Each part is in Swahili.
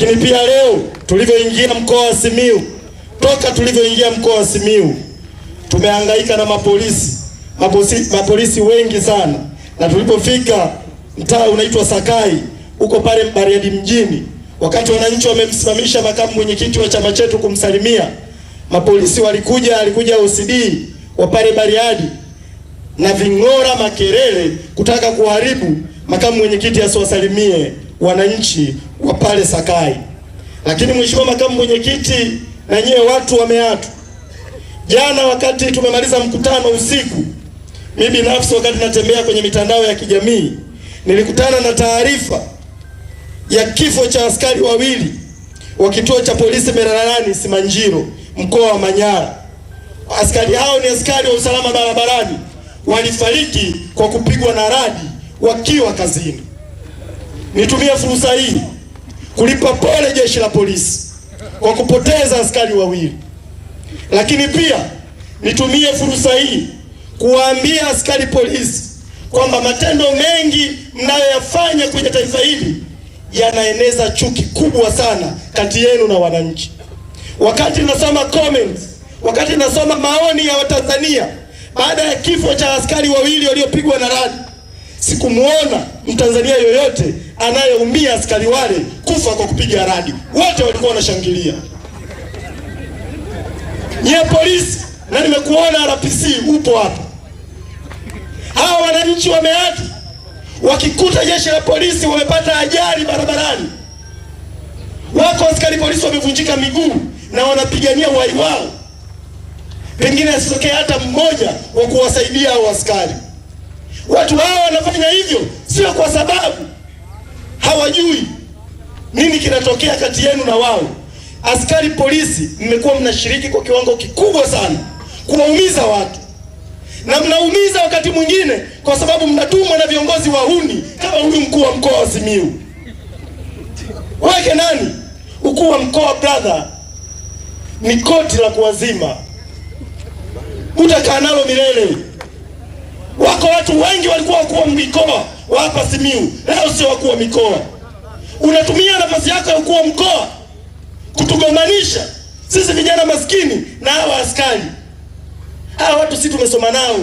Lakini pia leo tulivyoingia mkoa wa simiu toka tulivyoingia mkoa wa Simiu tumehangaika na mapolisi mapolisi, mapolisi wengi sana, na tulipofika mtaa unaitwa Sakai huko pale Bariadi mjini, wakati wananchi wamemsimamisha makamu mwenyekiti wa chama chetu kumsalimia, mapolisi walikuja, alikuja OCD wa pale Bariadi na ving'ora, makelele, kutaka kuharibu makamu mwenyekiti asiwasalimie wananchi wa pale Sakai. Lakini mheshimiwa makamu mwenyekiti, na nyewe watu wameatu, jana wakati tumemaliza mkutano usiku, mimi binafsi wakati natembea kwenye mitandao ya kijamii nilikutana na taarifa ya kifo cha askari wawili wa kituo cha polisi Mererani Simanjiro, mkoa wa Manyara. Askari hao ni askari wa usalama barabarani, walifariki kwa kupigwa na radi wakiwa kazini. Nitumie fursa hii kulipa pole jeshi la polisi kwa kupoteza askari wawili, lakini pia nitumie fursa hii kuwaambia askari polisi kwamba matendo mengi mnayoyafanya kwenye taifa hili yanaeneza chuki kubwa sana kati yenu na wananchi. Wakati nasoma comments, wakati nasoma maoni ya Watanzania baada ya kifo cha askari wawili waliopigwa na radi, sikumwona Mtanzania yoyote anayeumbia askari wale kufa kwa kupiga radi, wote walikuwa wanashangilia. Nyie polisi, na nimekuona RPC, upo hapa. Hawa wananchi wameati wakikuta jeshi la polisi wamepata ajali barabarani, wako askari polisi wamevunjika miguu na wanapigania uhai wao, pengine asitokee hata mmoja wa kuwasaidia hao askari. Watu hawa wanafanya kinatokea kati yenu na wao. Askari polisi, mmekuwa mnashiriki kwa kiwango kikubwa sana kuwaumiza watu, na mnaumiza wakati mwingine kwa sababu mnatumwa na viongozi wahuni kama huyu mkuu wa mkoa wa simiu wake nani, ukuu wa mkoa brother, ni koti la kuwazima, utakaa nalo milele. Wako watu wengi walikuwa wakuu wa mikoa wa hapa simiu leo sio wakuu wa mikoa unatumia nafasi yako ya kuwa mkoa kutugombanisha sisi vijana maskini na hawa askari. Hawa watu si tumesoma nao,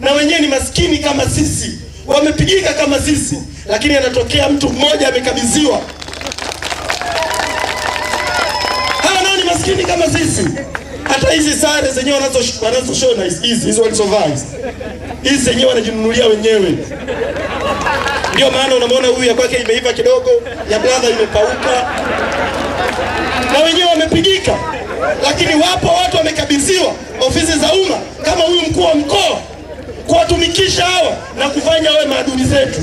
na wenyewe ni maskini kama sisi, wamepigika kama sisi, lakini anatokea mtu mmoja amekabidhiwa. Hawa nao ni maskini kama sisi. Hata hizi sare zenyewe wanazoshona hizi hizi walizovaa hizi zenyewe wanajinunulia wenyewe. Ndio maana unamwona huyu ya kwake imeiva kidogo, ya brother imepauka, na wenyewe wamepigika. Lakini wapo watu wamekabidhiwa ofisi za umma kama huyu mkuu wa mkoa kuwatumikisha hawa na kufanya wawe maadui zetu.